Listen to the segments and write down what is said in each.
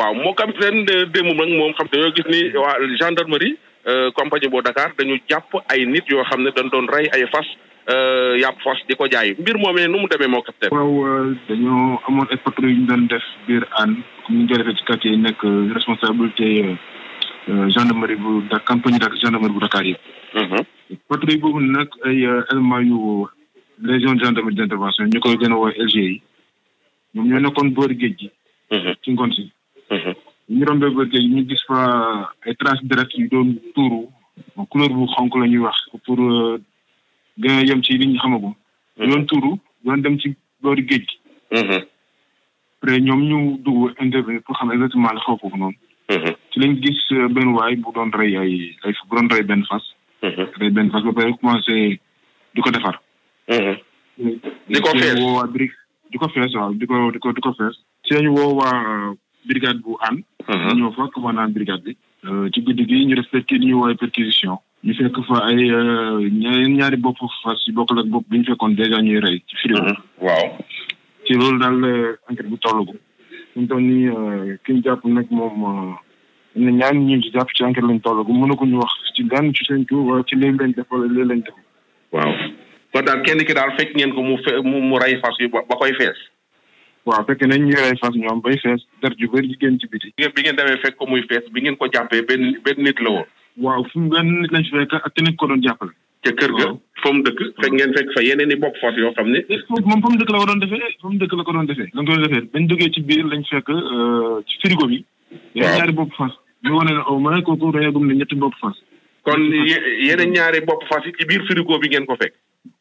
waaw moo kam ren démb nag moom xam dañoo gis ni waa gendarmerie euh, compagnie bo Dakar dañu jàpp ay nit yoo xam ne dañ doon rey ay fas euh, yàpp fas di ko jaay mbir moomee nu mu demee moo capitaine. waaw euh, dañoo amoon ay patrouille yu ñu doon def biir ànd comme ñu jëlee ci quartier yi nekk responsabilité gendarmerie bu da campagne dak gendarmerie bu Dakar yi. Mhm. patrouille boobu nag ay élément yu légion gendarmerie d' intervention ñu koy gën a woowee LG yi ñoom ñoo nekkoon boori géej gi. Mhm. ci ngoon si. Mhm. ñu rombee ba géej ñu gis fa ay traces deret yu doon tuuru couleur bu xonk la ñuy wax pour euh, gën a yem ci liñ ñu xamagum. Mhm. doon tuuru doon dem ci boori géej gi. Mhm. ñoom ñu dugg intervenir pour xam exactement la xaw foofu noonu. ci lañ gis euh, benn waay bu doon rey ay ay benn fas. rey benn fas ba pare commencé di ko defar. di ko fees ko waaw di ko di ko fees. ci lañu woo brigade bu ànd. Uh-huh. ñëw fa commandant brigade bi. Euh, ci guddi gi ñu def perquis ñuy woowee perquisition. ñu fekk fa ay euh, ñaari bopp fas yu bokkul bopp bi ñu fekkoon dèjà ñuy rey ci frigo. Uh-huh. waaw. ci loolu daal euh, enquête bu toll ko. fi mu toll nii ki ñu jàpp nag moom ne ñaan ñu ci jàpp ci enquête lañ toll ko mënu ko ñu wax ci gan ci seen tur wala ci léegi lañ def wala lañ def. waaw. kon daal kenn ki daal fekk ngeen ko mu fe mu mu rey fas yu ba koy fees. waaw fekk nañ ñu yore fas ñoom bay fees der ju jigéen ci biti. bi ngeen demee fekk ko muy fees bi ngeen ko jàppee benn benn nit la woon. waaw fu mu nit lañ fi fekk ak ko doon jàppale. ca kër ga fa mu dëkk fekk ngeen fekk fa yeneen i bokk fas yoo xam ne. Eh, moom fa dëkk la ko doon defee fa mu dëkk la ko doon defee. la ko doon defee bañ duggee ci biir lañ fekk euh, frigo bi. waaw yeneen ñaari bopp fas. ñu wane ne o moins kooku dañoo gëm ne ñetti bopp fas. kon yeneen ñaari bopp fas yi ci biir frigo bi ngeen ko fekk.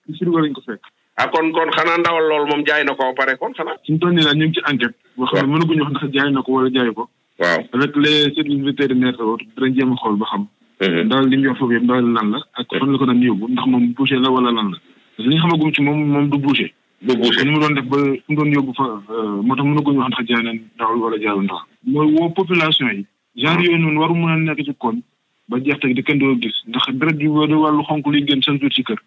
ci frigo lañ ko fekk ah kon kon xanaa ndawal lool moom jaay na ko ba pare kon xanaa. suñu toll nii daal ngi ci enquête. waaw xam ne mënaguñu wax ndax jaay na ko wala jaay ko. waaw avec les services vétérinaires dinañ jéem a xool ba xam. ndawal mm-hmm. li mu wax foofu yëpp ndawal lan la. ak mm-hmm. fan la ko ndax moom boucher la wala lan la. parce ci moom moom du boucher. du boucher ni mu doon def ba fu mu doon fa euh, moo tax mënaguñu wax ndax jaay na ndawal wala jaayul ndawal. mooy woo population yi. genre yooyu noonu waru mën a nekk ci koñ. ba jeex teg di kenn doo gis ndax deret yu wàllu xonk luy génn seen tur ci kër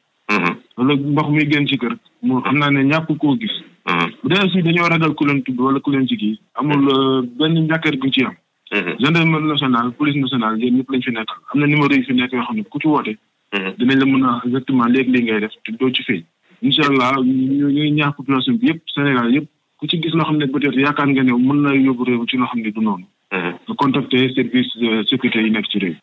wala ndox muy génn ci kër mu xam naa ne ñàkk koo gis mm-hmm. bu dee aussi dañoo ragal ku leen tudd wala ku leen ci kii amul mm-hmm. euh, benn njàkkeer gu ci am mm-hmm. gendarmerie nationale police nationale yéen ñëpp lañ fi nekkal am na numéro yi fi nekk yoo xam ne ku ci woote dinañ la mën a exactement léegi li ngay def te doo ci feeñ incha allah ñu ñuy ñaax population yëpp Sénégal yëpp ku ci gis loo xam ne peut-être yaakaar nga ne mën na yóbbu réew ci loo xam ne du noonu nga contacter service euh, yi nekk ci